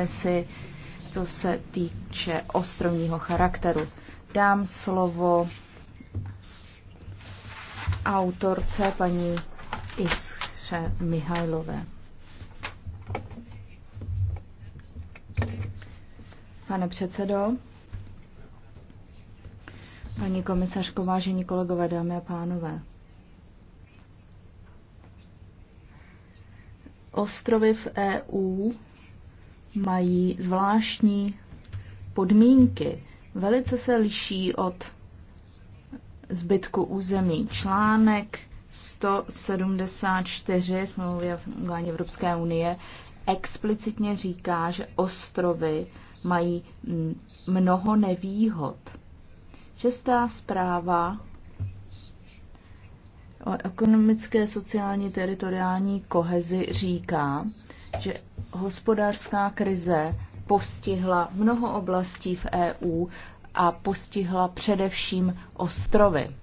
komisi, co se týče ostrovního charakteru. Dám slovo autorce paní Iskře Mihajlové. Pane předsedo, paní komisařko, vážení kolegové, dámy a pánové. Ostrovy v EU mají zvláštní podmínky. Velice se liší od zbytku území. Článek 174 smlouvy o fungování Evropské unie explicitně říká, že ostrovy mají mnoho nevýhod. Šestá zpráva o ekonomické, sociální, teritoriální kohezi říká, že hospodářská krize postihla mnoho oblastí v EU a postihla především ostrovy.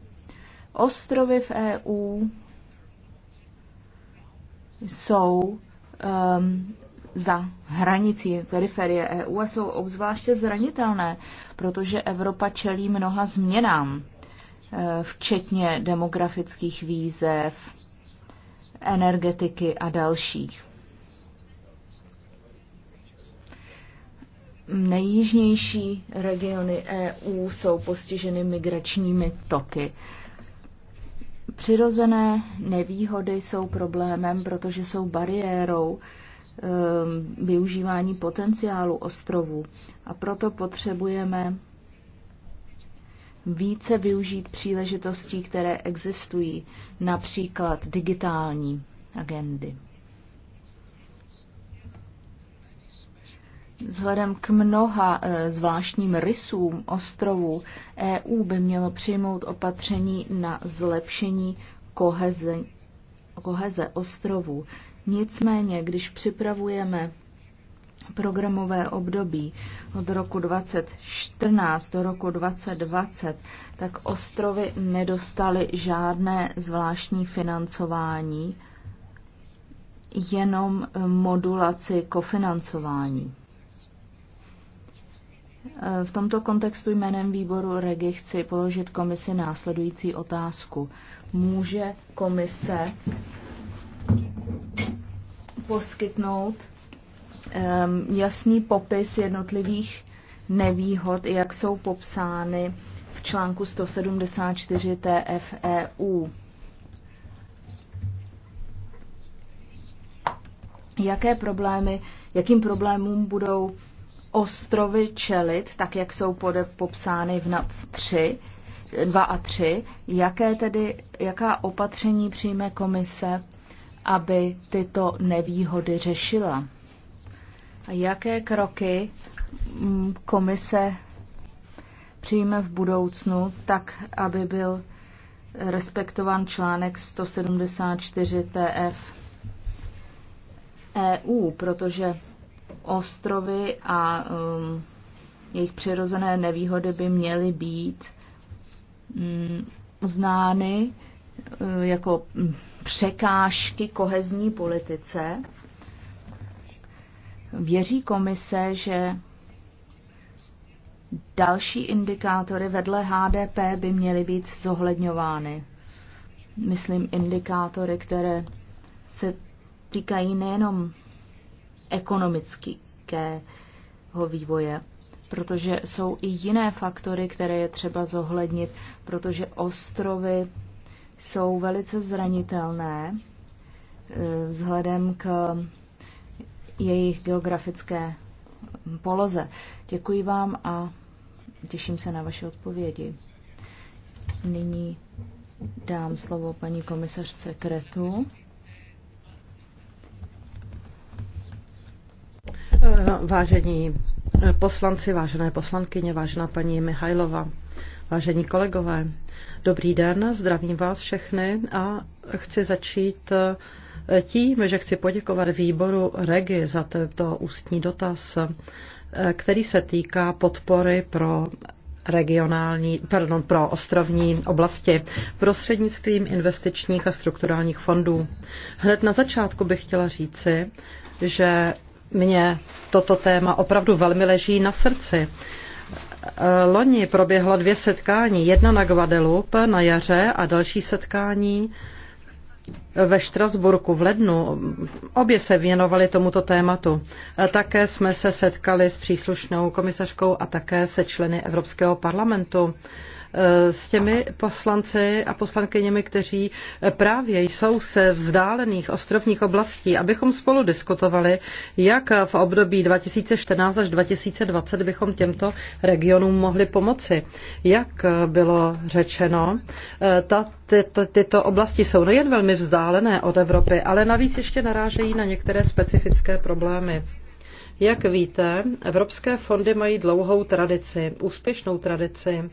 Ostrovy v EU jsou um, za hranicí periferie EU a jsou obzvláště zranitelné, protože Evropa čelí mnoha změnám, eh, včetně demografických výzev, energetiky a dalších. nejjižnější regiony EU jsou postiženy migračními toky. Přirozené nevýhody jsou problémem, protože jsou bariérou ehm, využívání potenciálu ostrovů. A proto potřebujeme více využít příležitostí, které existují, například digitální agendy. Vzhledem k mnoha eh, zvláštním rysům ostrovů EU by mělo přijmout opatření na zlepšení koheze, koheze ostrovů. Nicméně, když připravujeme programové období od roku 2014 do roku 2020, tak ostrovy nedostaly žádné zvláštní financování, jenom eh, modulaci kofinancování. V tomto kontextu jménem výboru Regi chci položit komisi následující otázku. Může komise poskytnout ehm, jasný popis jednotlivých nevýhod, jak jsou popsány v článku 174 TFEU. Jaké problémy, jakým problémům budou ostrovy čelit, tak jak jsou pode, popsány v NAC 3, 2 a 3, jaké tedy, jaká opatření přijme komise, aby tyto nevýhody řešila? A jaké kroky mm, komise přijme v budoucnu, tak aby byl respektovan článek 174 TF EU, protože ostrovy a um, jejich přirozené nevýhody by měly být um, mm, znány um, uh, jako mm, překážky kohezní politice. Věří komise, že další indikátory vedle HDP by měly být zohledňovány. Myslím indikátory, které se týkají nejenom ekonomického vývoje, protože jsou i jiné faktory, které je třeba zohlednit, protože ostrovy jsou velice zranitelné eh, vzhledem k jejich geografické poloze. Děkuji vám a těším se na vaše odpovědi. Nyní dám slovo paní komisařce Kretu. Eh, vážení eh, poslanci, vážené poslankyně, vážená paní Mihajlova, vážení kolegové, dobrý den, zdravím vás všechny a chci začít eh, tím, že chci poděkovat výboru REGI za tento ústní dotaz, který se týká podpory pro regionální, pardon, pro ostrovní oblasti prostřednictvím investičních a strukturálních fondů. Hned na začátku bych chtěla říci, že mě toto téma opravdu velmi leží na srdci. Loni proběhla dvě setkání, jedna na Guadeloupe na jaře a další setkání ve Štrasburku v lednu. Obě se věnovaly tomuto tématu. Také jsme se setkali s příslušnou komisařkou a také se členy Evropského parlamentu. Eh, s těmi poslanci a poslankyněmi, kteří eh, právě jsou se vzdálených ostrovních oblastí, abychom spolu diskutovali, jak v období 2014 až 2020 bychom těmto regionům mohli pomoci. Jak eh, bylo řečeno, ta, ty, ty, tyto oblasti jsou nejen velmi vzdálené od Evropy, ale navíc ještě narážejí na některé specifické problémy. Jak víte, evropské fondy mají dlouhou tradici, úspěšnou tradici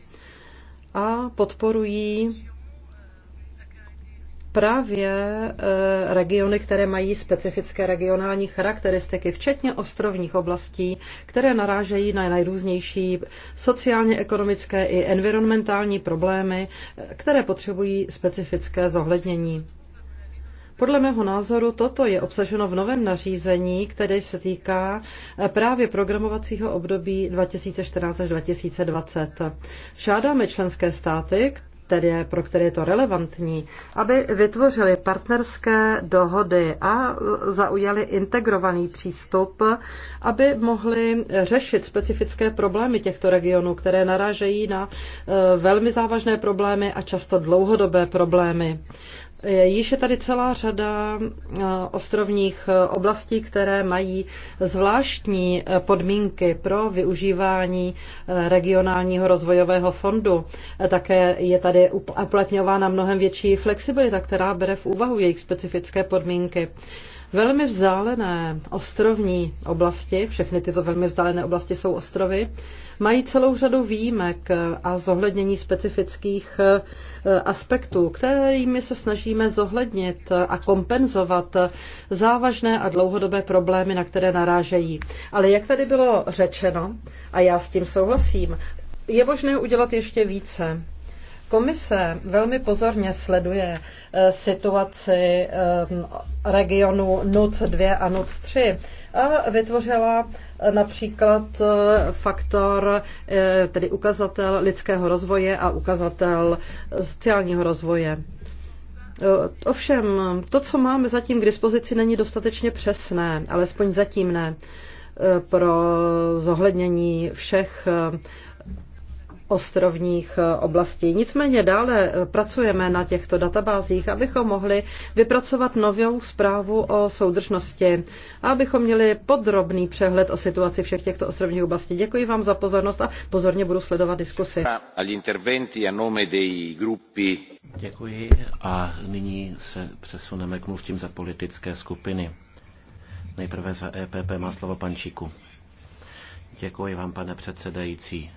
a podporují právě e, regiony, které mají specifické regionální charakteristiky, včetně ostrovních oblastí, které narážejí na nejrůznější sociálně, ekonomické i environmentální problémy, e, které potřebují specifické zohlednění. Podle mého názoru toto je obsaženo v novém nařízení, které se týká eh, právě programovacího období 2014 až 2020. Žádáme členské státy, tedy pro které je to relevantní, aby vytvořili partnerské dohody a eh, zaujali integrovaný přístup, aby mohli eh, řešit specifické problémy těchto regionů, které narážejí na velmi závažné problémy a často dlouhodobé problémy. Již je tady celá řada eh, ostrovních eh, oblastí, které mají zvláštní eh, podmínky pro využívání regionálního rozvojového fondu. Také je tady uplatňována mnohem větší flexibilita, která bere v úvahu jejich specifické podmínky velmi vzdálené ostrovní oblasti, všechny tyto velmi vzdálené oblasti jsou ostrovy, mají celou řadu výjimek a zohlednění specifických eh, aspektů, kterými se snažíme zohlednit a kompenzovat závažné a dlouhodobé problémy, na které narážejí. Ale jak tady bylo řečeno, a já s tím souhlasím, je možné udělat ještě více. Komise velmi pozorně sleduje eh, situaci eh, regionu NUC 2 a NUC 3 a vytvořila eh, například faktor, tedy ukazatel lidského rozvoje a ukazatel sociálního rozvoje. Ovšem, to, co máme zatím k dispozici, není dostatečně přesné, alespoň zatím ne, pro zohlednění všech ostrovních eh, oblastí. Nicméně dále eh, pracujeme na těchto databázích, abychom mohli vypracovat novou zprávu o soudržnosti a abychom měli podrobný přehled o situaci všech těchto ostrovních oblastí. Děkuji vám za pozornost a pozorně budu sledovat diskusy. Děkuji a nyní se přesuneme k mluvčím za politické skupiny. Nejprve za EPP má slovo pančíku. Děkuji vám, pane předsedající.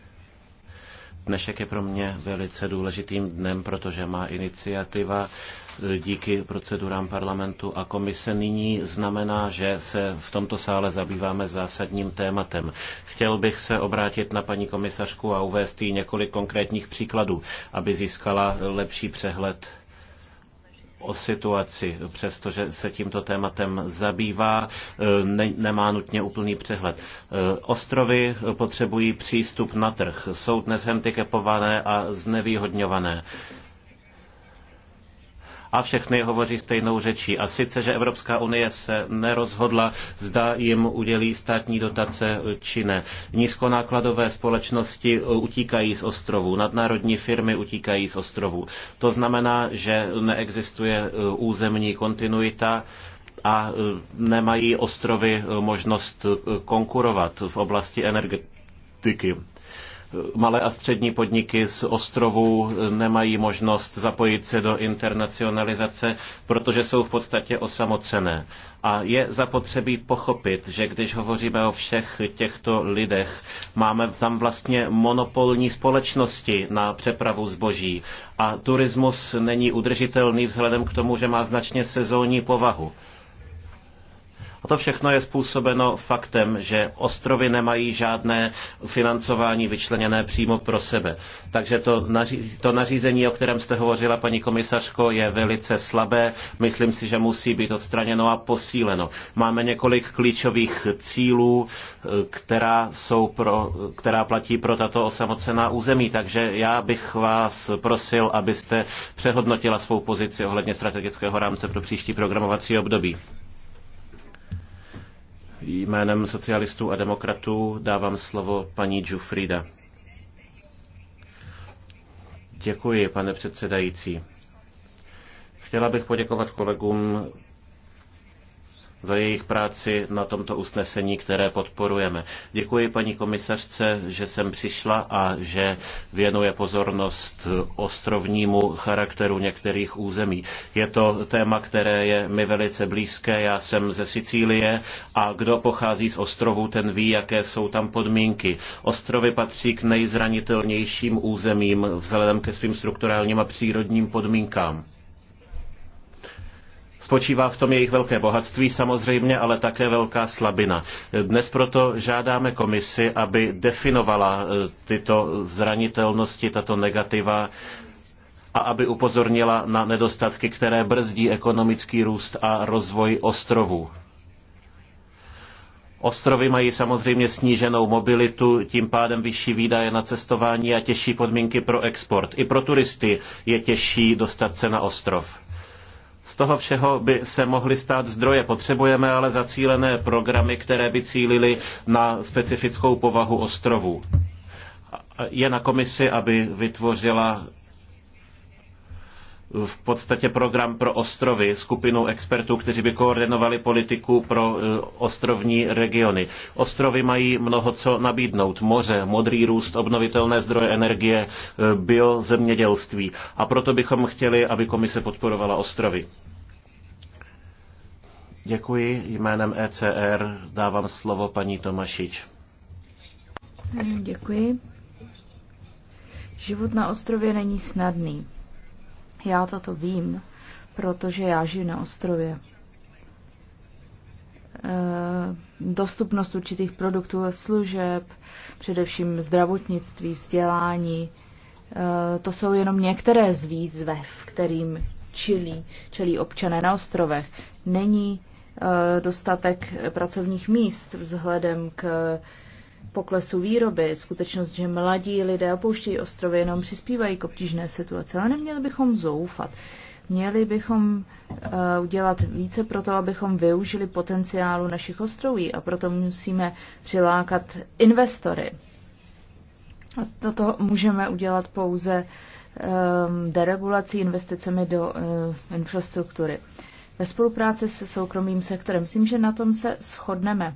Dnešek je pro mě velice důležitým dnem, protože má iniciativa e, díky procedurám parlamentu a komise nyní znamená, že se v tomto sále zabýváme zásadním tématem. Chtěl bych se obrátit na paní komisařku a uvést jí několik konkrétních příkladů, aby získala lepší přehled o situaci, přestože se tímto tématem zabývá, eh, ne, nemá nutně úplný přehled. Eh, ostrovy potřebují přístup na trh, jsou dnes handicapované a znevýhodňované a všechny hovoří stejnou řečí. A sice, že Evropská unie se nerozhodla, zda jim udělí státní dotace či ne. Nízkonákladové společnosti e, utíkají z ostrovů, nadnárodní firmy utíkají z ostrovů. To znamená, že neexistuje e, územní kontinuita a e, nemají ostrovy možnost konkurovat v oblasti energetiky malé a střední podniky z ostrovů nemají možnost zapojit se do internacionalizace, protože jsou v podstatě osamocené. A je zapotřebí pochopit, že když hovoříme o všech těchto lidech, máme tam vlastně monopolní společnosti na přepravu zboží a turismus není udržitelný vzhledem k tomu, že má značně sezónní povahu. A to všechno je způsobeno faktem, že ostrovy nemají žádné financování vyčleněné přímo pro sebe. Takže to, naří, to nařízení, o kterém jste hovořila, paní komisařko, je velice slabé. Myslím si, že musí být odstraněno a posíleno. Máme několik klíčových cílů, která, jsou pro, která platí pro tato osamocená území. Takže já bych vás prosil, abyste přehodnotila svou pozici ohledně strategického rámce pro příští programovací období. Jménem socialistů a demokratů dávám slovo paní Jufrida. Děkuji, pane předsedající. Chtěla bych poděkovat kolegům za jejich práci na tomto usnesení, které podporujeme. Děkuji paní komisařce, že jsem přišla a že věnuje pozornost ostrovnímu charakteru některých území. Je to téma, které je mi velice blízké. Já jsem ze Sicílie a kdo pochází z ostrovů, ten ví, jaké jsou tam podmínky. Ostrovy patří k nejzranitelnějším územím vzhledem ke svým strukturálním a přírodním podmínkám. Spočívá v tom jejich velké bohatství samozřejmě, ale také velká slabina. Dnes proto žádáme komisi, aby definovala e, tyto zranitelnosti, tato negativa a aby upozornila na nedostatky, které brzdí ekonomický růst a rozvoj ostrovů. Ostrovy mají samozřejmě sníženou mobilitu, tím pádem vyšší výdaje na cestování a těžší podmínky pro export. I pro turisty je těžší dostat se na ostrov. Z toho všeho by se mohly stát zdroje. Potřebujeme ale zacílené programy, které by cílily na specifickou povahu ostrovů. Je na komisi, aby vytvořila v podstatě program pro ostrovy, skupinu expertů, kteří by koordinovali politiku pro e, ostrovní regiony. Ostrovy mají mnoho co nabídnout. Moře, modrý růst, obnovitelné zdroje energie, e, biozemědělství. A proto bychom chtěli, aby komise podporovala ostrovy. Děkuji. Jménem ECR dávám slovo paní Tomašič. Děkuji. Život na ostrově není snadný já toto vím, protože já žiju na ostrově. Eh, dostupnost určitých produktů a služeb, především zdravotnictví, vzdělání, eh, to jsou jenom některé z výzvev, kterým čili čelí občané na ostrovech. Není eh, dostatek pracovních míst vzhledem k poklesu výroby, skutečnost, že mladí lidé opouštějí ostrovy, jenom přispívají k obtížné situaci, ale neměli bychom zoufat. Měli bychom uh, udělat více pro to, abychom využili potenciálu našich ostroví a proto musíme přilákat investory. A toto můžeme udělat pouze um, deregulací investicemi do uh, infrastruktury. Ve spolupráci se soukromým sektorem. Myslím, že na tom se shodneme.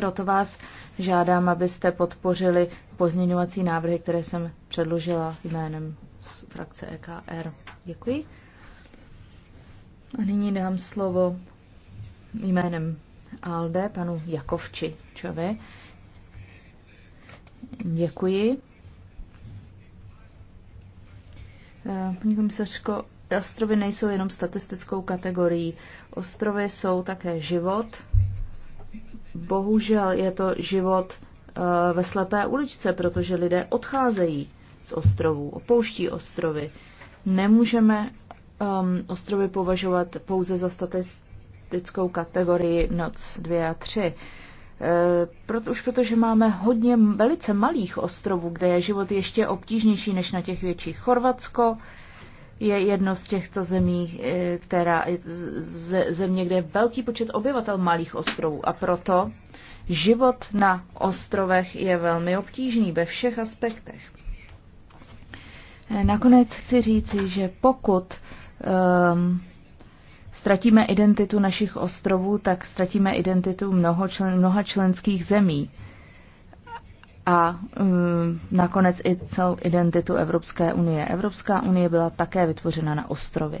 Proto vás žádám, abyste podpořili pozměňovací návrhy, které jsem předložila jménem z frakce EKR. Děkuji. A nyní dám slovo jménem ALDE panu Jakovčičovi. Děkuji. Eh, paní komisařko, ostrovy nejsou jenom statistickou kategorií. Ostrovy jsou také život, Bohužel je to život eh, ve slepé uličce, protože lidé odcházejí z ostrovů, opouští ostrovy. Nemůžeme um, ostrovy považovat pouze za statistickou kategorii noc 2 a 3. E, eh, proto, už protože máme hodně velice malých ostrovů, kde je život ještě obtížnější než na těch větších. Chorvatsko, je jedno z těchto zemí, eh, která je země, kde je velký počet obyvatel malých ostrovů a proto život na ostrovech je velmi obtížný ve všech aspektech. Eh, nakonec chci říci, že pokud um, ztratíme identitu našich ostrovů, tak ztratíme identitu mnoho člen, mnoha členských zemí a um, nakonec i celou identitu Evropské unie. Evropská unie byla také vytvořena na ostrově.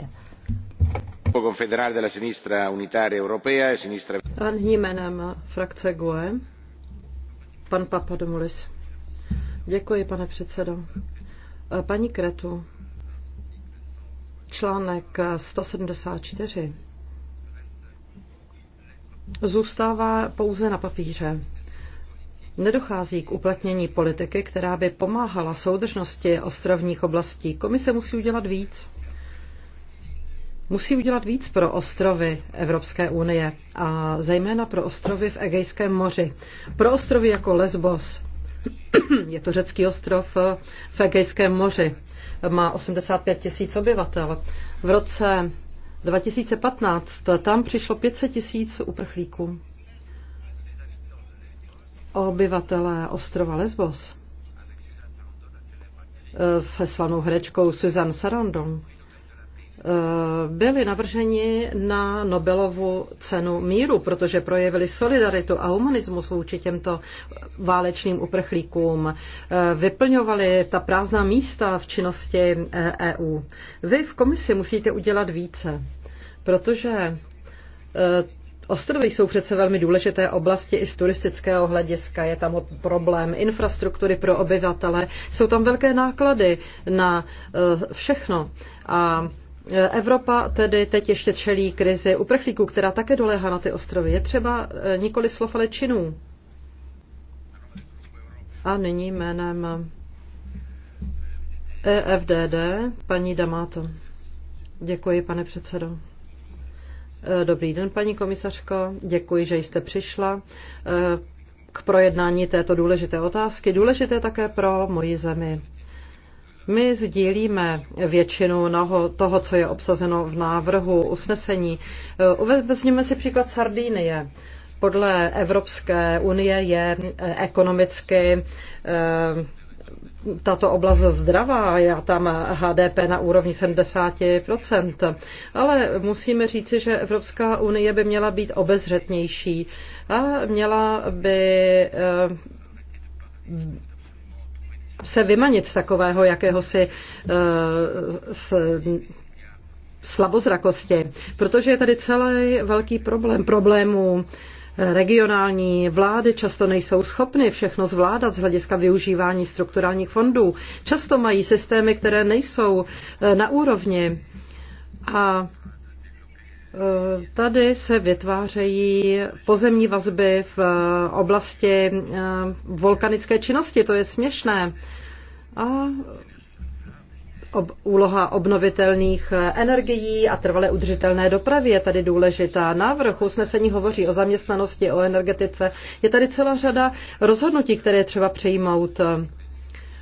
A e jménem frakce GUE, pan Papadomulis. Děkuji, pane předsedo. Paní Kretu, článek 174 zůstává pouze na papíře nedochází k uplatnění politiky, která by pomáhala soudržnosti ostrovních oblastí. Komise musí udělat víc. Musí udělat víc pro ostrovy Evropské unie a zejména pro ostrovy v Egejském moři. Pro ostrovy jako Lesbos. Je to řecký ostrov eh, v Egejském moři. Má 85 tisíc obyvatel. V roce 2015 tam přišlo 500 tisíc uprchlíků obyvatelé ostrova Lesbos se slanou herečkou Susan Sarandon byli navrženi na Nobelovu cenu míru, protože projevili solidaritu a humanismus vůči těmto válečným uprchlíkům. Vyplňovali ta prázdná místa v činnosti EU. E Vy v komisi musíte udělat více, protože Ostrovy jsou přece velmi důležité oblasti i z turistického hlediska. Je tam problém infrastruktury pro obyvatele. Jsou tam velké náklady na eh, všechno. A eh, Evropa tedy teď ještě čelí krizi uprchlíků, která také doléhá na ty ostrovy. Je třeba eh, nikoli slov, ale činů. A nyní jménem EFDD paní Damato. Děkuji, pane předsedo. Eh, dobrý den, paní komisařko. Děkuji, že jste přišla eh, k projednání této důležité otázky. Důležité také pro moji zemi. My sdílíme většinu toho, co je obsazeno v návrhu usnesení. Eh, vezměme si příklad Sardínie podle Evropské unie je ekonomicky tato oblast zdravá, já tam HDP na úrovni 70%, ale musíme říci, že Evropská unie by měla být obezřetnější a měla by eh, se vymanit z takového jakéhosi eh, s slabozrakosti, protože je tady celý velký problém problémů Regionální vlády často nejsou schopny všechno zvládat z hlediska využívání strukturálních fondů. Často mají systémy, které nejsou eh, na úrovni. A eh, Tady se vytvářejí pozemní vazby v eh, oblasti vulkanické činnosti, to je směšné. A ob, úloha obnovitelných eh, energií a trvale udržitelné dopravy je tady důležitá. Návrh usnesení hovoří o zaměstnanosti, o energetice. Je tady celá řada rozhodnutí, které je třeba přijmout.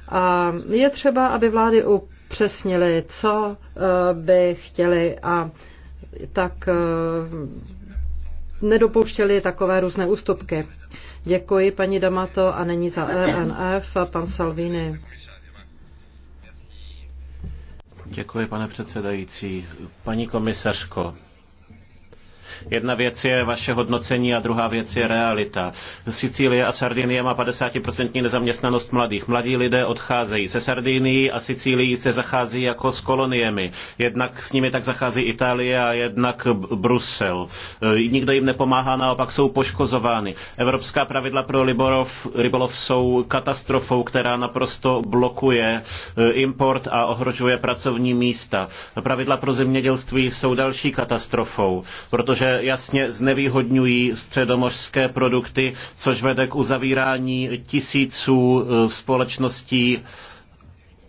A je třeba, aby vlády upřesnily, co eh, by chtěli a tak eh, nedopouštěli takové různé ústupky. Děkuji paní Damato a není za ENF pan Salvini. Děkuji, pane předsedající. Paní komisařko, Jedna věc je vaše hodnocení a druhá věc je realita. Sicílie a Sardinie má 50% nezaměstnanost mladých. Mladí lidé odcházejí. Se Sardinií a Sicílií se zachází jako s koloniemi. Jednak s nimi tak zachází Itálie a jednak Brusel. E, nikdo jim nepomáhá, naopak jsou poškozovány. Evropská pravidla pro Liborov, rybolov jsou katastrofou, která naprosto blokuje e, import a ohrožuje pracovní místa. Pravidla pro zemědělství jsou další katastrofou, protože protože jasně znevýhodňují středomořské produkty, což vede k uzavírání tisíců eh, společností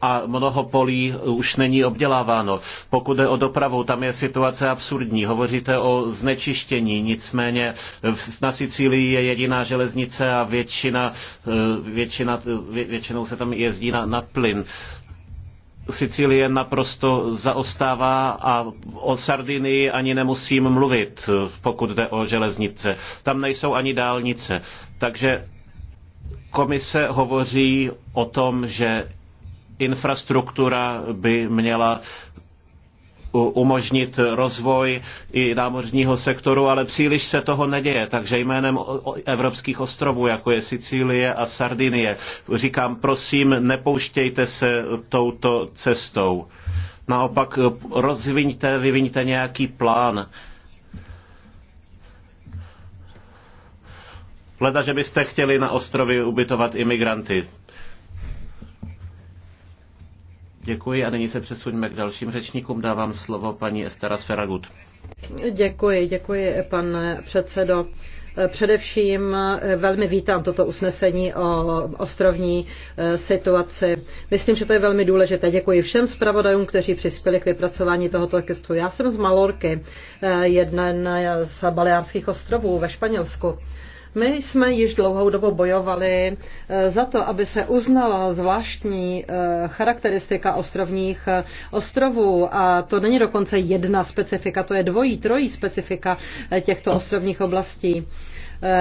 a mnoho polí už není obděláváno. Pokud jde o dopravu, tam je situace absurdní. Hovoříte o znečištění, nicméně na Sicílii je jediná železnice a většina, eh, většina, většinou se tam jezdí na, na plyn. Sicílie naprosto zaostává a o Sardinii ani nemusím mluvit, pokud jde o železnice. Tam nejsou ani dálnice. Takže komise hovoří o tom, že infrastruktura by měla umožnit rozvoj i námořního sektoru, ale příliš se toho neděje. Takže jménem evropských ostrovů, jako je Sicílie a Sardinie, říkám, prosím, nepouštějte se touto cestou. Naopak eh, rozviňte, vyviňte nějaký plán. Hleda, že byste chtěli na ostrovy ubytovat imigranty. Děkuji a nyní se přesuňme k dalším řečníkům. Dávám slovo paní Estera Sferagut. Děkuji, děkuji, pane předsedo. Především eh, velmi vítám toto usnesení o ostrovní eh, situaci. Myslím, že to je velmi důležité. Děkuji všem zpravodajům, kteří přispěli k vypracování tohoto textu. Já jsem z Malorky, eh, jeden z Baleárských ostrovů ve Španělsku. My jsme již dlouhou dobu bojovali eh, za to, aby se uznala zvláštní eh, charakteristika ostrovních eh, ostrovů a to není dokonce jedna specifika, to je dvojí, trojí specifika těchto ostrovních oblastí.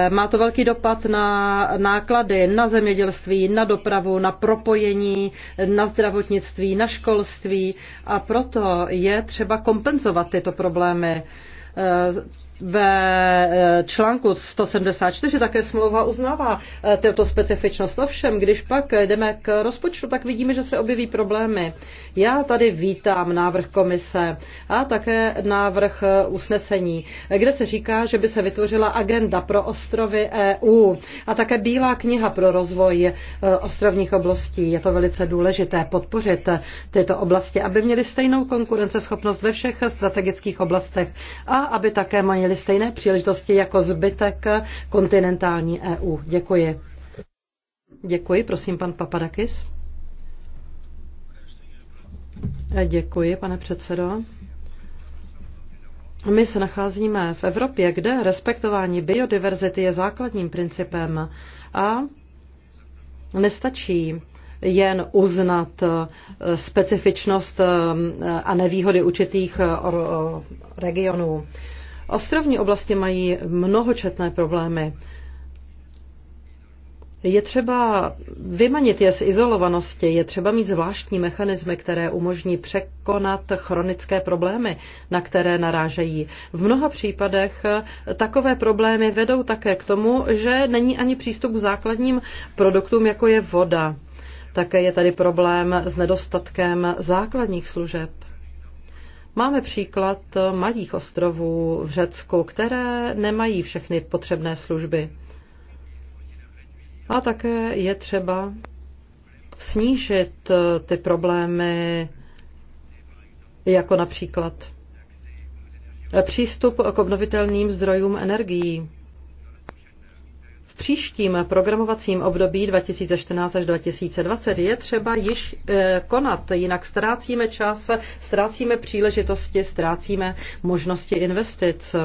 Má to velký dopad na náklady, na zemědělství, na dopravu, na propojení, na zdravotnictví, na školství a proto je třeba kompenzovat tyto problémy ve e, článku 174 také smlouva uznává e, tuto specifičnost. Ovšem, když pak jdeme k rozpočtu, tak vidíme, že se objeví problémy. Já tady vítám návrh komise a také návrh e, usnesení, kde se říká, že by se vytvořila agenda pro ostrovy EU a také bílá kniha pro rozvoj ostrovních oblastí. Je to velice důležité podpořit tyto oblasti, aby měly stejnou konkurenceschopnost ve všech strategických oblastech a aby také mají měli stejné příležitosti jako zbytek kontinentální EU. Děkuji. Děkuji, prosím, pan Papadakis. Děkuji, pane předsedo. My se nacházíme v Evropě, kde respektování biodiverzity je základním principem a nestačí jen uznat specifičnost a nevýhody určitých regionů. Ostrovní oblasti mají mnohočetné problémy. Je třeba vymanit je z izolovanosti, je třeba mít zvláštní mechanismy, které umožní překonat chronické problémy, na které narážejí. V mnoha případech takové problémy vedou také k tomu, že není ani přístup k základním produktům, jako je voda. Také je tady problém s nedostatkem základních služeb. Máme příklad malých ostrovů v Řecku, které nemají všechny potřebné služby. A také je třeba snížit eh, ty problémy, jako například přístup k obnovitelným zdrojům energií příštím programovacím období 2014 až 2020 je třeba již eh, konat, jinak ztrácíme čas, ztrácíme příležitosti, ztrácíme možnosti investic.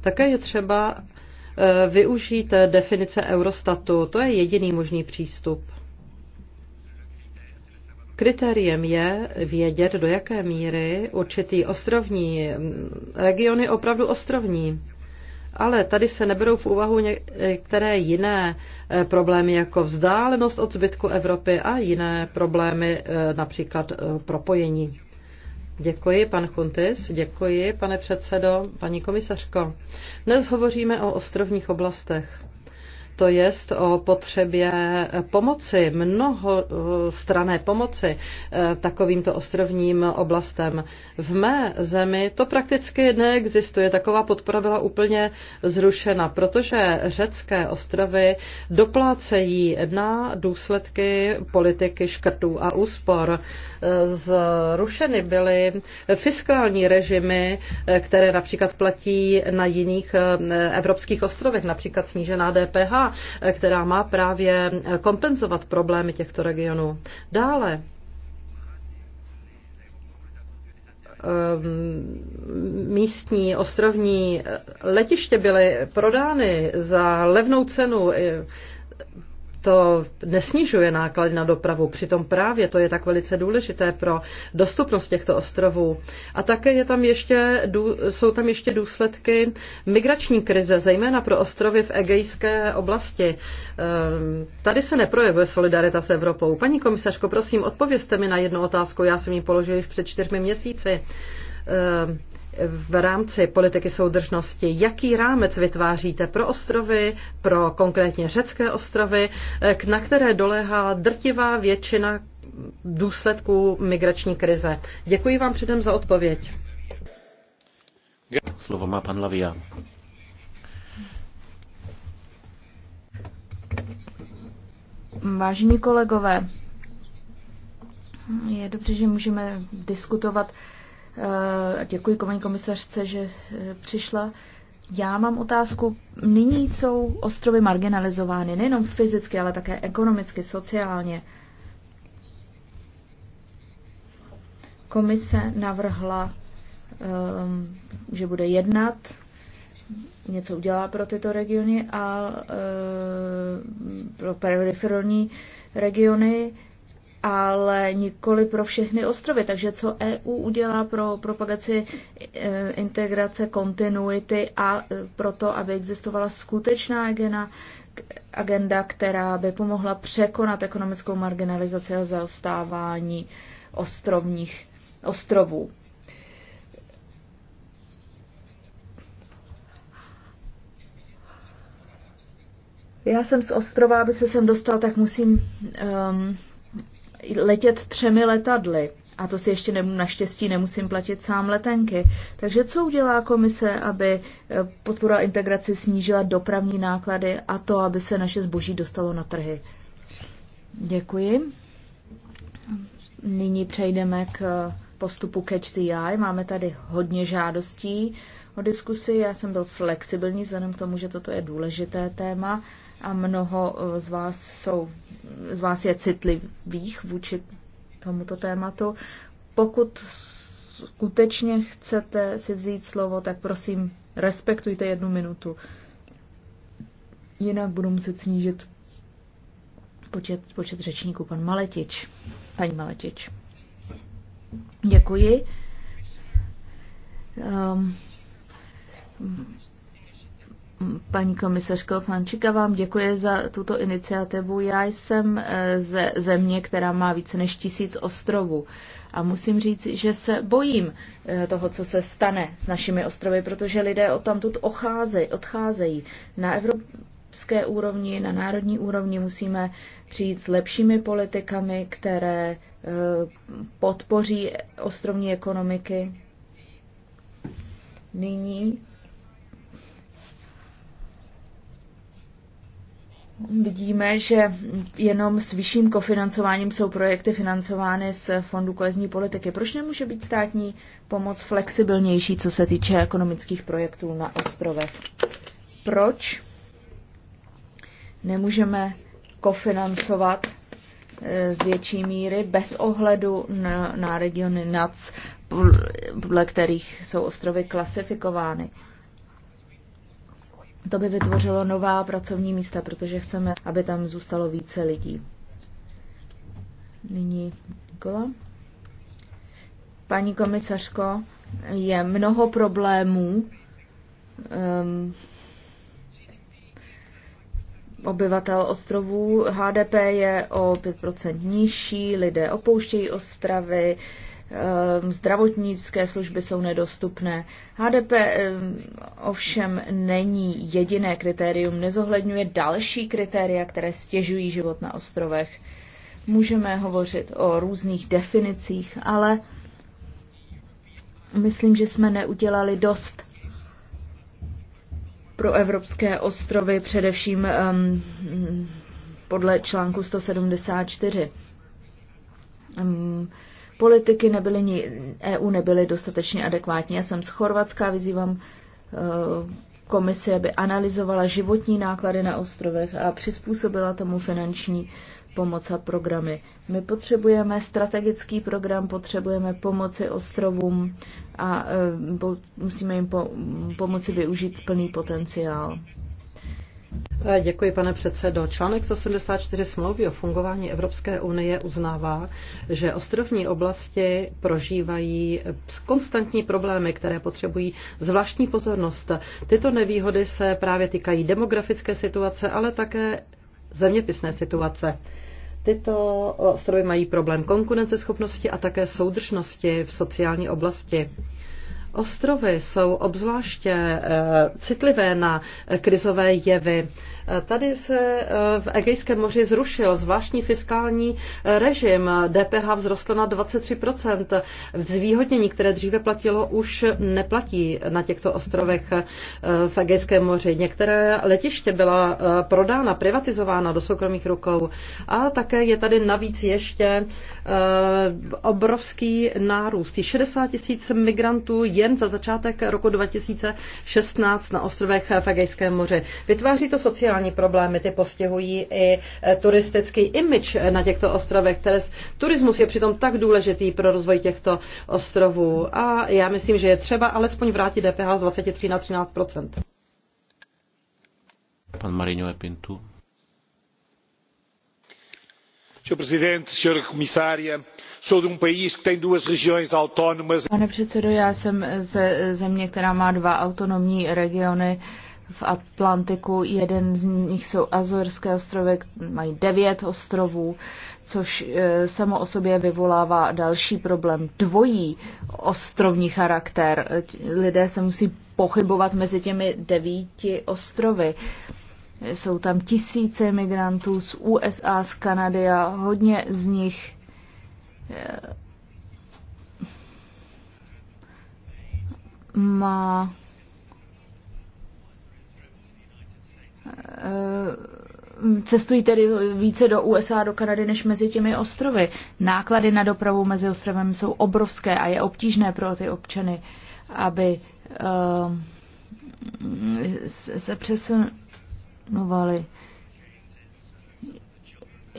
Také je třeba eh, využít definice Eurostatu. To je jediný možný přístup. Kritériem je vědět, do jaké míry určitý ostrovní mm, region je opravdu ostrovní ale tady se neberou v úvahu některé jiné eh, problémy, jako vzdálenost od zbytku Evropy a jiné problémy, eh, například eh, propojení. Děkuji, pan Chuntis, děkuji, pane předsedo, paní komisařko. Dnes hovoříme o ostrovních oblastech to jest o potřebě pomoci, mnoho eh, strané pomoci eh, takovýmto ostrovním oblastem. V mé zemi to prakticky neexistuje. Taková podpora byla úplně zrušena, protože řecké ostrovy doplácejí na důsledky politiky škrtů a úspor. Eh, zrušeny byly fiskální režimy, které například platí na jiných evropských ostrovech, například snížená DPH která má právě kompenzovat problémy těchto regionů. Dále ehm, místní ostrovní letiště byly prodány za levnou cenu to nesnižuje náklady na dopravu. Přitom právě to je tak velice důležité pro dostupnost těchto ostrovů. A také je tam ještě, jsou tam ještě důsledky migrační krize, zejména pro ostrovy v egejské oblasti. Ehm, tady se neprojevuje solidarita s Evropou. Paní komisařko, prosím, odpovězte mi na jednu otázku. Já jsem ji položil již před čtyřmi měsíci ehm, v rámci politiky soudržnosti, jaký rámec vytváříte pro ostrovy, pro konkrétně řecké ostrovy, eh, na které doléhá drtivá většina důsledků migrační krize. Děkuji vám předem za odpověď. Slovo má pan Lavia. Vážení kolegové, je dobře, že můžeme diskutovat uh, Eh, děkuji paní komisařce, že eh, přišla. Já mám otázku. Nyní jsou ostrovy marginalizovány nejenom fyzicky, ale také ekonomicky, sociálně. Komise navrhla, eh, že bude jednat, něco udělá pro tyto regiony a pro periferní regiony ale nikoli pro všechny ostrovy. Takže co EU udělá pro propagaci e, integrace, kontinuity a e, pro to, aby existovala skutečná agenda, agenda, která by pomohla překonat ekonomickou marginalizaci a zaostávání ostrovních ostrovů. Já jsem z ostrova, abych se sem dostal, tak musím um, letět třemi letadly. A to si ještě nemu, naštěstí nemusím platit sám letenky. Takže co udělá komise, aby eh, podpora integraci snížila dopravní náklady a to, aby se naše zboží dostalo na trhy? Děkuji. Nyní přejdeme k eh, postupu Catch the Eye. Máme tady hodně žádostí o diskusi. Já jsem byl flexibilní, vzhledem k tomu, že toto je důležité téma a mnoho eh, z vás, jsou, z vás je citlivých vůči tomuto tématu. Pokud skutečně chcete si vzít slovo, tak prosím, respektujte jednu minutu. Jinak budu muset snížit počet, počet řečníků. Pan Maletič. Paní Maletič. Děkuji. Um, Paní komisařko Fančika, vám děkuji za tuto iniciativu. Já jsem eh, ze země, která má více než tisíc ostrovů. A musím říct, že se bojím eh, toho, co se stane s našimi ostrovy, protože lidé odtamtud ocházejí, odcházejí. Na evropské úrovni, na národní úrovni musíme přijít s lepšími politikami, které eh, podpoří ostrovní ekonomiky. Nyní vidíme, že jenom s vyšším kofinancováním jsou projekty financovány z Fondu kolezní politiky. Proč nemůže být státní pomoc flexibilnější, co se týče ekonomických projektů na ostrovech? Proč nemůžeme kofinancovat e, z větší míry bez ohledu na, na regiony NAC, podle kterých jsou ostrovy klasifikovány? To by vytvořilo nová pracovní místa, protože chceme, aby tam zůstalo více lidí. Nyní Nikola. Paní komisařko, je mnoho problémů. Um, obyvatel ostrovů. HDP je o 5% nižší, lidé opouštějí ostravy, uh, Ehm, zdravotnické služby jsou nedostupné. HDP ehm, ovšem není jediné kritérium, nezohledňuje další kritéria, které stěžují život na ostrovech. Můžeme hovořit o různých definicích, ale myslím, že jsme neudělali dost pro evropské ostrovy, především um, podle článku 174. Um, politiky nebyly, EU nebyly dostatečně adekvátní. Já jsem z Chorvatska, vyzývám e, komisi, aby analyzovala životní náklady na ostrovech a přizpůsobila tomu finanční pomoc a programy. My potřebujeme strategický program, potřebujeme pomoci ostrovům a e, musíme jim po, pomoci využít plný potenciál. Eh, děkuji, pane předsedo. Článek 184 smlouvy o fungování Evropské unie uznává, že ostrovní oblasti prožívají konstantní problémy, které potřebují zvláštní pozornost. Tyto nevýhody se právě týkají demografické situace, ale také zeměpisné situace. Tyto ostrovy mají problém konkurenceschopnosti a také soudržnosti v sociální oblasti. Ostrovy jsou obzvláště eh, citlivé na eh, krizové jevy Tady se eh, v Egejském moři zrušil zvláštní fiskální eh, režim. DPH vzrostla na 23%. Zvýhodnění, které dříve platilo, už neplatí na těchto ostrovech eh, v Egejském moři. Některé letiště byla prodána, privatizována do soukromých rukou. A také je tady navíc ještě obrovský nárůst. 60 tisíc migrantů jen za začátek roku 2016 na ostrovech v Egejském moři. Vytváří to sociální sociální problémy, ty postihují i e, turistický image na těchto ostrovech. Turismus je přitom tak důležitý pro rozvoj těchto ostrovů a já myslím, že je třeba alespoň vrátit DPH z 23 na 13 Pan Marino Epintu. Senhor Presidente, Senhora Comissária, um Pane předsedo, já jsem ze země, která má dva autonomní regiony v Atlantiku, jeden z nich jsou Azorské ostrovy, mají devět ostrovů, což e, samo o sobě vyvolává další problém. Dvojí ostrovní charakter. E, lidé se musí pochybovat mezi těmi devíti ostrovy. Jsou tam tisíce migrantů z USA, z Kanady a hodně z nich e, má Eh, cestují tedy více do USA, do Kanady, než mezi těmi ostrovy. Náklady na dopravu mezi ostrovem jsou obrovské a je obtížné pro ty občany, aby eh, se přesunovali.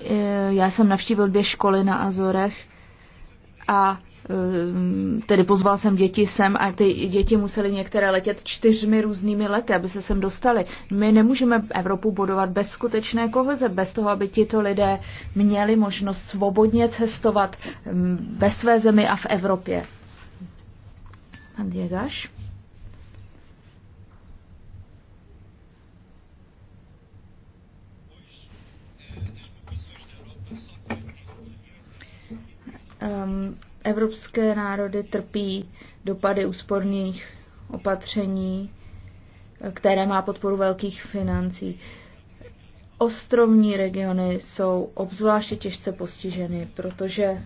Eh, já jsem navštívil dvě školy na Azorech a Ehm, tedy pozval jsem děti sem a ty děti museli některé letět čtyřmi různými lety, aby se sem dostali. My nemůžeme Evropu budovat bez skutečné koheze, bez toho, aby tito lidé měli možnost svobodně cestovat ehm, ve své zemi a v Evropě. Pan Diegaš? Um, Evropské národy trpí dopady úsporných opatření, které má podporu velkých financí. Ostrovní regiony jsou obzvláště těžce postiženy, protože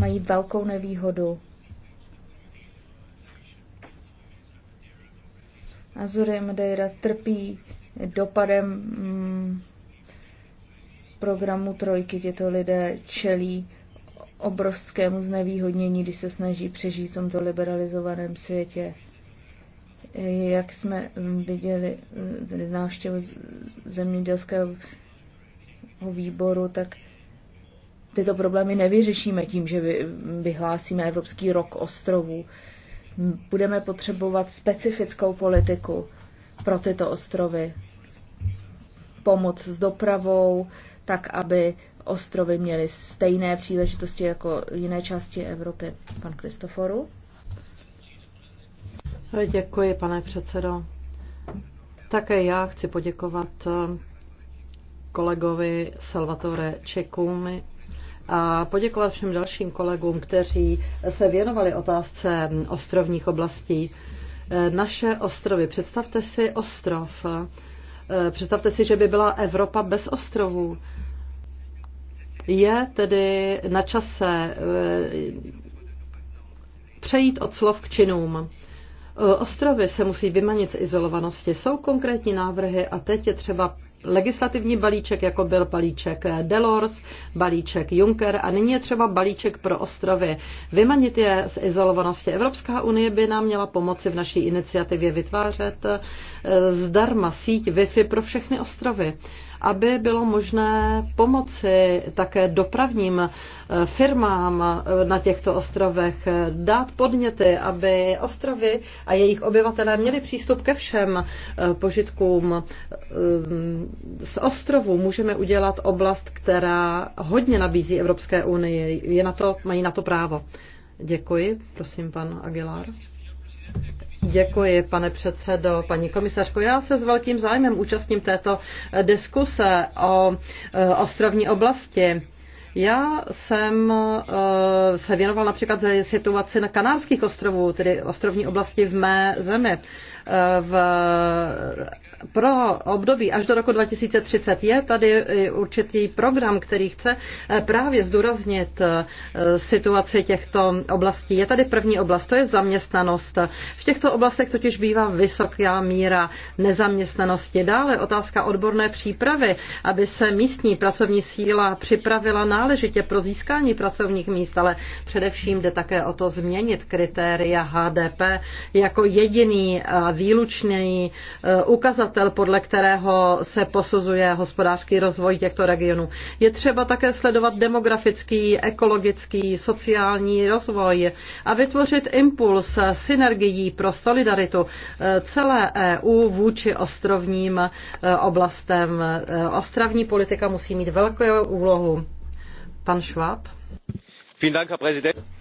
mají velkou nevýhodu. Azury Madeira trpí dopadem mm, programu Trojky. Tyto lidé čelí obrovskému znevýhodnění, když se snaží přežít v tomto liberalizovaném světě. Jak jsme viděli tedy návštěvu zemědělského výboru, tak tyto problémy nevyřešíme tím, že vyhlásíme Evropský rok ostrovů. Budeme potřebovat specifickou politiku pro tyto ostrovy. Pomoc s dopravou, tak aby ostrovy měly stejné příležitosti jako jiné části Evropy. Pan Kristoforu. Děkuji, pane předsedo. Také já chci poděkovat eh, kolegovi Salvatore Čekumi a poděkovat všem dalším kolegům, kteří se věnovali otázce ostrovních oblastí. Eh, naše ostrovy, představte si ostrov, eh, představte si, že by byla Evropa bez ostrovů. Je tedy na čase eh, přejít od slov k činům. Eh, ostrovy se musí vymanit z izolovanosti. Jsou konkrétní návrhy a teď je třeba legislativní balíček, jako byl balíček Delors, balíček Juncker a nyní je třeba balíček pro ostrovy. Vymanit je z izolovanosti. Evropská unie by nám měla pomoci v naší iniciativě vytvářet eh, zdarma síť Wi-Fi pro všechny ostrovy aby bylo možné pomoci také dopravním eh, firmám eh, na těchto ostrovech, eh, dát podněty, aby ostrovy a jejich obyvatelé měli přístup ke všem požitkům. Z ostrovu, můžeme udělat oblast, která hodně nabízí Evropské unii. Je na to, mají na to právo. Děkuji. Prosím, pan Aguilar. Děkuji, pane předsedo, paní komisařko. Já se s velkým zájmem účastním této eh, diskuse o eh, ostrovní oblasti. Já jsem eh, se věnoval například ze situaci na Kanárských ostrovů, tedy ostrovní oblasti v mé zemi. V pro období až do roku 2030 je tady určitý program, který chce eh, právě zdůraznit eh, situaci těchto oblastí. Je tady první oblast, to je zaměstnanost. V těchto oblastech totiž bývá vysoká míra nezaměstnanosti. Dále otázka odborné přípravy, aby se místní pracovní síla připravila náležitě pro získání pracovních míst, ale především jde také o to změnit kritéria HDP jako jediný a eh, výlučný ukazatel ukazatel, podle kterého se posuzuje hospodářský rozvoj těchto regionů. Je třeba také sledovat demografický, ekologický, sociální rozvoj a vytvořit impuls synergií pro solidaritu eh, celé EU vůči ostrovním eh, oblastem. Eh, ostravní politika musí mít velkou úlohu. Pan Schwab.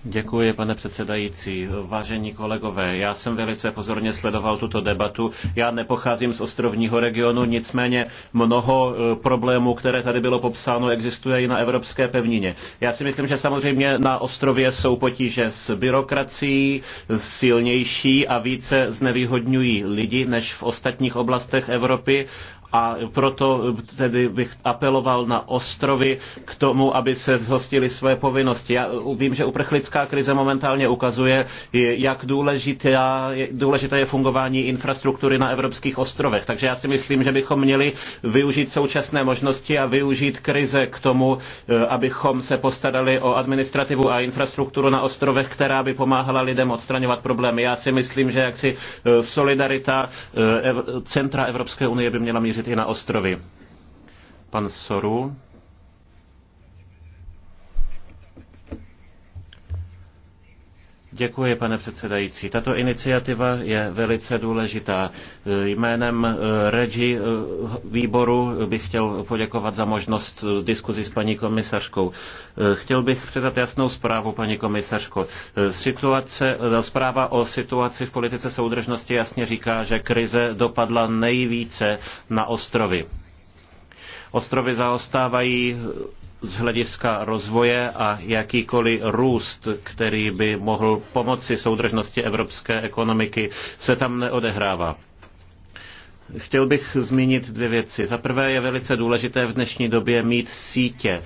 Děkuji, pane předsedající. Vážení kolegové, já jsem velice pozorně sledoval tuto debatu. Já nepocházím z ostrovního regionu, nicméně mnoho eh, problémů, které tady bylo popsáno, existuje i na evropské pevnině. Já si myslím, že samozřejmě na ostrově jsou potíže s byrokracií, silnější a více znevýhodňují lidi než v ostatních oblastech Evropy a proto tedy bych apeloval na ostrovy k tomu, aby se zhostili své povinnosti. Já vím, že uprchlická krize momentálně ukazuje, jak důležité, je fungování infrastruktury na evropských ostrovech. Takže já si myslím, že bychom měli využít současné možnosti a využít krize k tomu, eh, abychom se postarali o administrativu a infrastrukturu na ostrovech, která by pomáhala lidem odstraňovat problémy. Já si myslím, že jaksi eh, solidarita eh, Centra Evropské unie by měla mířit snažit i na ostrovy. Pan Soru. Děkuji, pane předsedající. Tato iniciativa je velice důležitá. Jménem eh, Regi eh, výboru bych chtěl poděkovat za možnost eh, diskuzi s paní komisařkou. Chtěl bych předat jasnou zprávu, paní komisařko. Situace, zpráva o situaci v politice soudržnosti jasně říká, že krize dopadla nejvíce na ostrovy ostrovy zaostávají z hlediska rozvoje a jakýkoliv růst, který by mohl pomoci soudržnosti evropské ekonomiky, se tam neodehrává. Chtěl bych zmínit dvě věci. Za prvé je velice důležité v dnešní době mít sítě.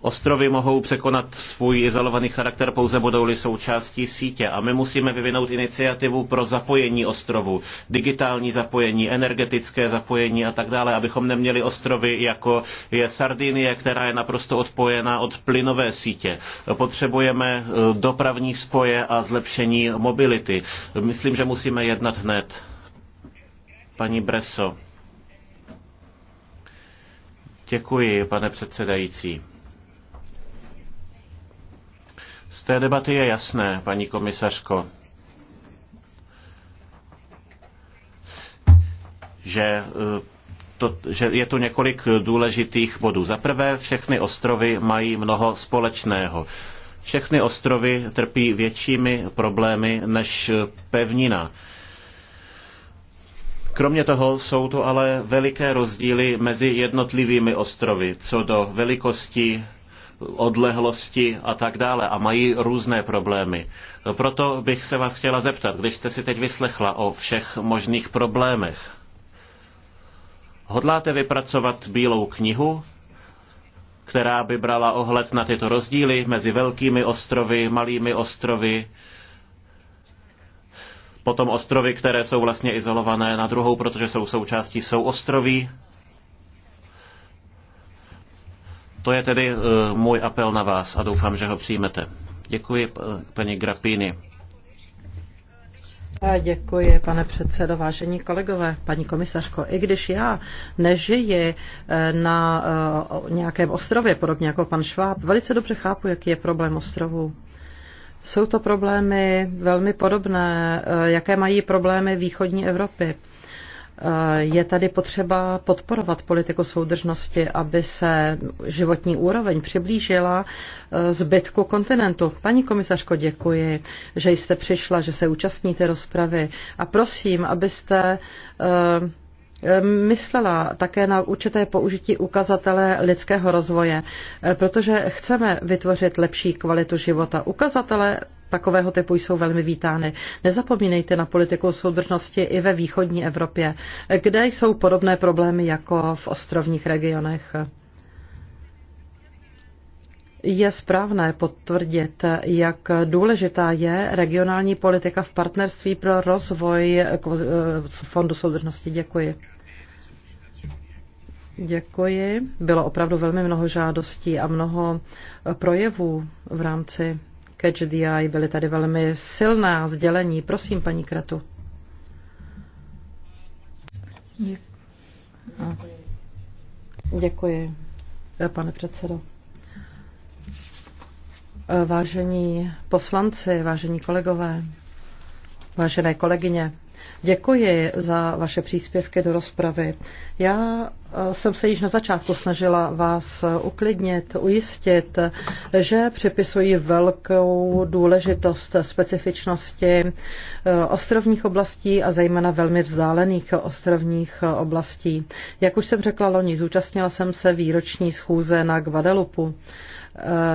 Ostrovy mohou překonat svůj izolovaný charakter pouze budou-li součástí sítě a my musíme vyvinout iniciativu pro zapojení ostrovů, digitální zapojení, energetické zapojení a tak dále, abychom neměli ostrovy jako je Sardinie, která je naprosto odpojená od plynové sítě. Potřebujeme eh, dopravní spoje a zlepšení mobility. Myslím, že musíme jednat hned. Paní Breso. Děkuji, pane předsedající. Z té debaty je jasné, paní komisařko, že eh, to, že je tu několik důležitých bodů. Za prvé, všechny ostrovy mají mnoho společného. Všechny ostrovy trpí většími problémy než pevnina. Kromě toho jsou tu ale veliké rozdíly mezi jednotlivými ostrovy, co do velikosti odlehlosti a tak dále a mají různé problémy. Proto bych se vás chtěla zeptat, když jste si teď vyslechla o všech možných problémech, hodláte vypracovat bílou knihu, která by brala ohled na tyto rozdíly mezi velkými ostrovy, malými ostrovy, Potom ostrovy, které jsou vlastně izolované na druhou, protože jsou součástí souostroví. To je tedy eh, můj apel na vás a doufám, že ho přijmete. Děkuji, eh, paní Grapini. Děkuji, pane předsedo, vážení kolegové, paní komisařko. I když já nežiji eh, na nějakém ostrově, podobně jako pan Šváb, velice dobře chápu, jaký je problém ostrovů. Jsou to problémy velmi podobné, eh, jaké mají problémy východní Evropy. Eh, je tady potřeba podporovat politiku soudržnosti, aby se životní úroveň přiblížila eh, zbytku kontinentu. Paní komisařko, děkuji, že jste přišla, že se účastníte rozpravy a prosím, abyste Ehm, myslela také na určité použití ukazatele lidského rozvoje, eh, protože chceme vytvořit lepší kvalitu života. Ukazatele takového typu jsou velmi vítány. Nezapomínejte na politiku soudržnosti i ve východní Evropě, eh, kde jsou podobné problémy jako v ostrovních regionech je správné potvrdit, jak důležitá je regionální politika v partnerství pro rozvoj eh, Fondu soudržnosti. Děkuji. Děkuji. Bylo opravdu velmi mnoho žádostí a mnoho projevů v rámci Catch the Eye. Byly tady velmi silná sdělení. Prosím, paní Kretu. Děkuji. Děkuji, pane předsedo. Vážení poslanci, vážení kolegové, vážené kolegyně, děkuji za vaše příspěvky do rozpravy. Já eh, jsem se již na začátku snažila vás eh, uklidnit, ujistit, že připisují velkou důležitost specifičnosti eh, ostrovních oblastí a zejména velmi vzdálených ostrovních oblastí. Jak už jsem řekla loni, zúčastnila jsem se výroční schůze na Guadalupu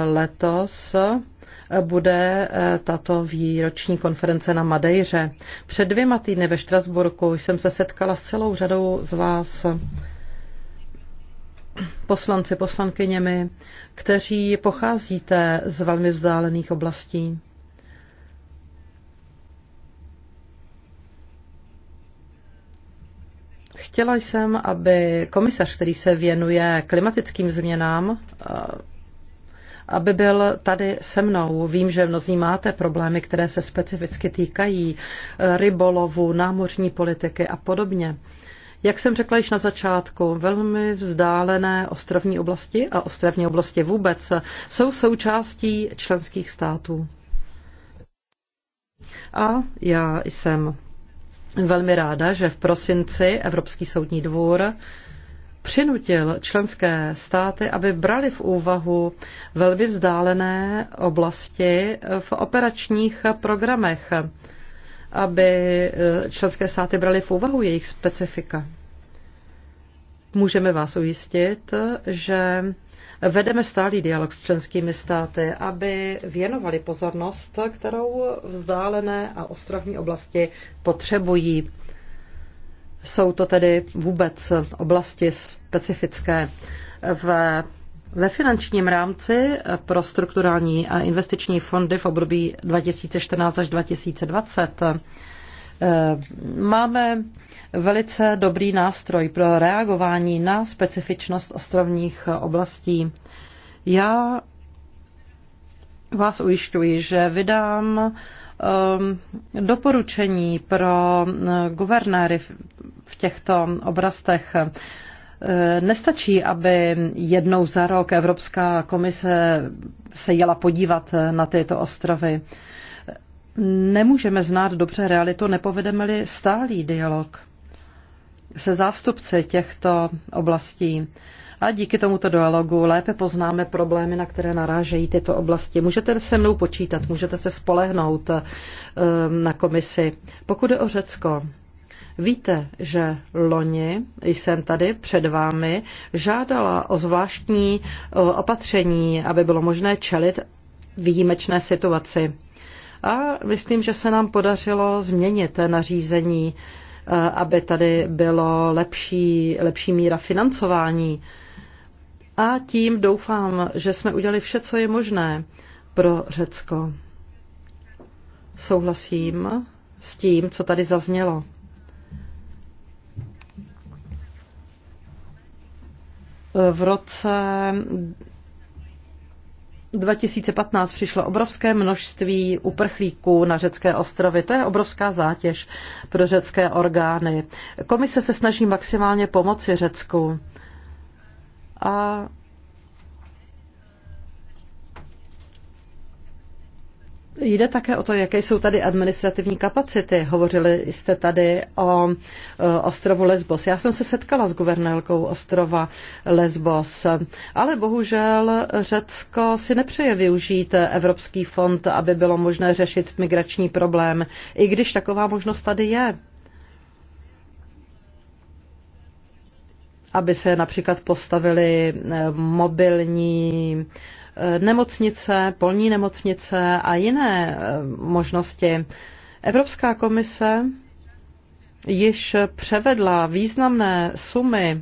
letos bude eh, tato výroční konference na Madejře. Před dvěma týdny ve Štrasburku jsem se setkala s celou řadou z vás poslanci, poslankyněmi, kteří pocházíte z velmi vzdálených oblastí. Chtěla jsem, aby komisař, který se věnuje klimatickým změnám, eh, aby byl tady se mnou. Vím, že mnozí máte problémy, které se specificky týkají eh, rybolovu, námořní politiky a podobně. Jak jsem řekla již na začátku, velmi vzdálené ostrovní oblasti a ostrovní oblasti vůbec jsou součástí členských států. A já jsem velmi ráda, že v prosinci Evropský soudní dvůr přinutil členské státy, aby brali v úvahu velmi vzdálené oblasti v operačních programech, aby eh, členské státy brali v úvahu jejich specifika. Můžeme vás ujistit, že vedeme stálý dialog s členskými státy, aby věnovali pozornost, kterou vzdálené a ostrovní oblasti potřebují. Jsou to tedy vůbec oblasti specifické. V, ve finančním rámci pro strukturální a investiční fondy v období 2014 až 2020 eh, máme velice dobrý nástroj pro reagování na specifičnost ostrovních oblastí. Já vás ujišťuji, že vydám Ehm, doporučení pro eh, guvernéry v těchto oblastech. Eh, nestačí, aby jednou za rok Evropská komise se jela podívat eh, na tyto ostrovy. Nemůžeme znát dobře realitu, nepovedeme-li stálý dialog se zástupci těchto oblastí a díky tomuto dialogu lépe poznáme problémy, na které narážejí tyto oblasti. Můžete se mnou počítat, můžete se spolehnout ehm, na komisi. Pokud je o Řecko, Víte, že loni jsem tady před vámi žádala o zvláštní e, opatření, aby bylo možné čelit výjimečné situaci. A myslím, že se nám podařilo změnit nařízení, e, aby tady bylo lepší, lepší míra financování a tím doufám, že jsme udělali vše, co je možné pro Řecko. Souhlasím s tím, co tady zaznělo. V roce 2015 přišlo obrovské množství uprchlíků na řecké ostrovy. To je obrovská zátěž pro řecké orgány. Komise se snaží maximálně pomoci Řecku a Jde také o to, jaké jsou tady administrativní kapacity. Hovořili jste tady o e, ostrovu Lesbos. Já jsem se setkala s guvernérkou ostrova Lesbos, ale bohužel Řecko si nepřeje využít Evropský fond, aby bylo možné řešit migrační problém, i když taková možnost tady je. aby se například postavili eh, mobilní eh, nemocnice, polní nemocnice a jiné eh, možnosti. Evropská komise již převedla významné sumy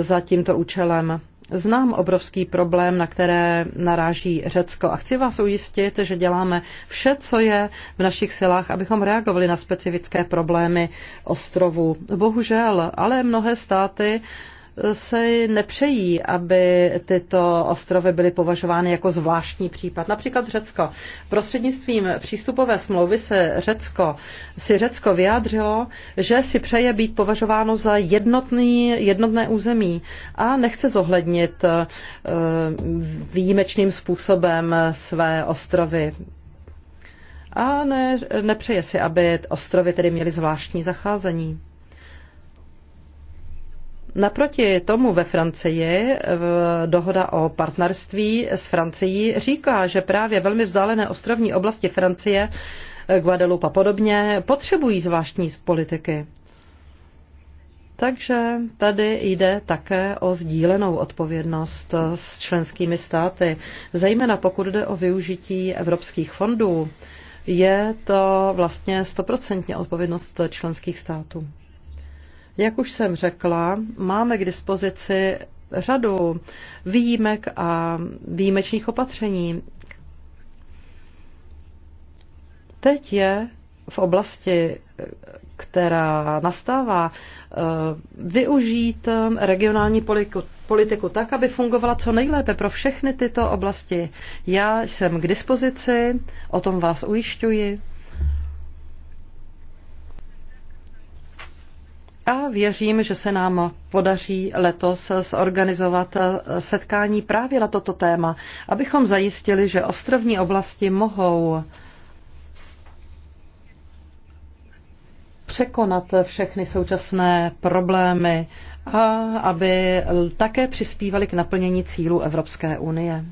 za tímto účelem. Znám obrovský problém, na které naráží Řecko a chci vás ujistit, že děláme vše, co je v našich silách, abychom reagovali na specifické problémy ostrovu. Bohužel, ale mnohé státy se nepřejí, aby tyto ostrovy byly považovány jako zvláštní případ. Například Řecko. Prostřednictvím přístupové smlouvy se Řecko, si Řecko vyjádřilo, že si přeje být považováno za jednotný, jednotné území a nechce zohlednit eh, výjimečným způsobem své ostrovy. A ne, nepřeje si, aby ostrovy tedy měly zvláštní zacházení. Naproti tomu ve Francii eh, dohoda o partnerství s Francií říká, že právě velmi vzdálené ostrovní oblasti Francie, eh, Guadeloupe a podobně, potřebují zvláštní politiky. Takže tady jde také o sdílenou odpovědnost eh, s členskými státy, zejména pokud jde o využití evropských fondů. Je to vlastně stoprocentně odpovědnost členských států. Jak už jsem řekla, máme k dispozici řadu výjimek a výjimečných opatření. Teď je v oblasti, která nastává, eh, využít eh, regionální politiku, politiku tak, aby fungovala co nejlépe pro všechny tyto oblasti. Já jsem k dispozici, o tom vás ujišťuji. a věřím, že se nám podaří letos zorganizovat eh, setkání právě na toto téma, abychom zajistili, že ostrovní oblasti mohou překonat všechny současné problémy a aby také přispívali k naplnění cílů Evropské unie.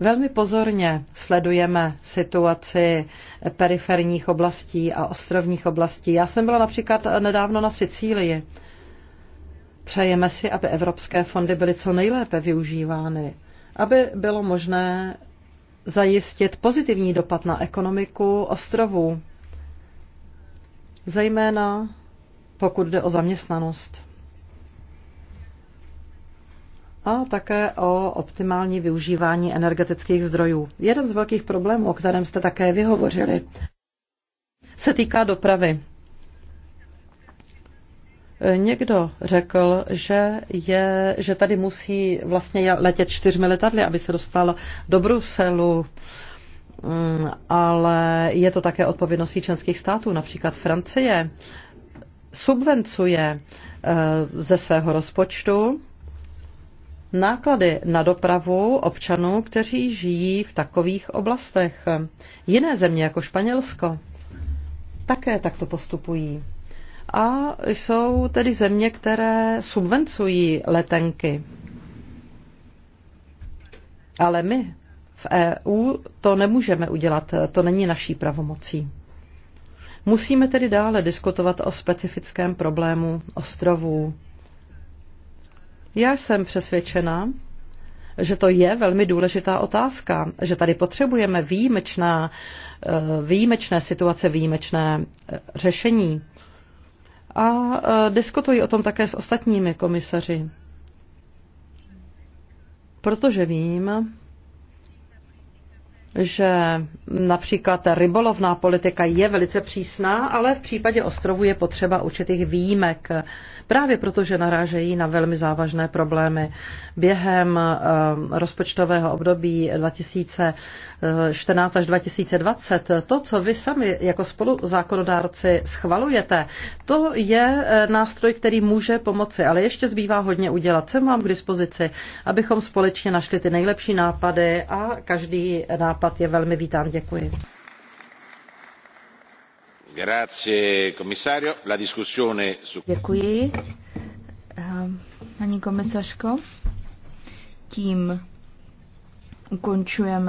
Velmi pozorně sledujeme situaci periferních oblastí a ostrovních oblastí. Já jsem byla například nedávno na Sicílii. Přejeme si, aby evropské fondy byly co nejlépe využívány, aby bylo možné zajistit pozitivní dopad na ekonomiku ostrovů, zejména pokud jde o zaměstnanost a také o optimální využívání energetických zdrojů. Jeden z velkých problémů, o kterém jste také vyhovořili, se týká dopravy. Někdo řekl, že, je, že tady musí vlastně letět čtyřmi letadly, aby se dostal do Bruselu, mm, ale je to také odpovědností členských států, například Francie subvencuje eh, ze svého rozpočtu náklady na dopravu občanů, kteří žijí v takových oblastech. Jiné země jako Španělsko také takto postupují. A jsou tedy země, které subvencují letenky. Ale my v EU to nemůžeme udělat, to není naší pravomocí. Musíme tedy dále diskutovat o specifickém problému ostrovů já jsem přesvědčena, že to je velmi důležitá otázka, že tady potřebujeme výjimečná, eh, výjimečné situace, výjimečné eh, řešení. A eh, diskutuji o tom také s ostatními komisaři. Protože vím, že například rybolovná politika je velice přísná, ale v případě ostrovů je potřeba určitých výjimek právě protože narážejí na velmi závažné problémy. Během eh, rozpočtového období 2014 eh, až 2020, to, co vy sami jako spoluzákonodárci schvalujete, to je eh, nástroj, který může pomoci, ale ještě zbývá hodně udělat. Co mám k dispozici, abychom společně našli ty nejlepší nápady a každý nápad je velmi vítám. Děkuji. Grazie, komisario. La discussione su... Děkuji, ehm, paní komisařko. Tím ukončujeme